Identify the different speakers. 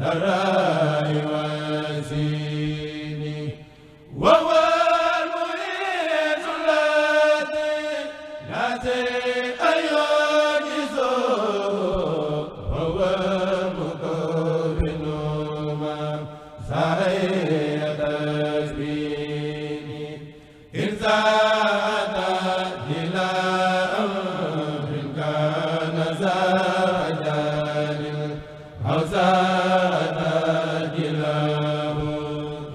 Speaker 1: dara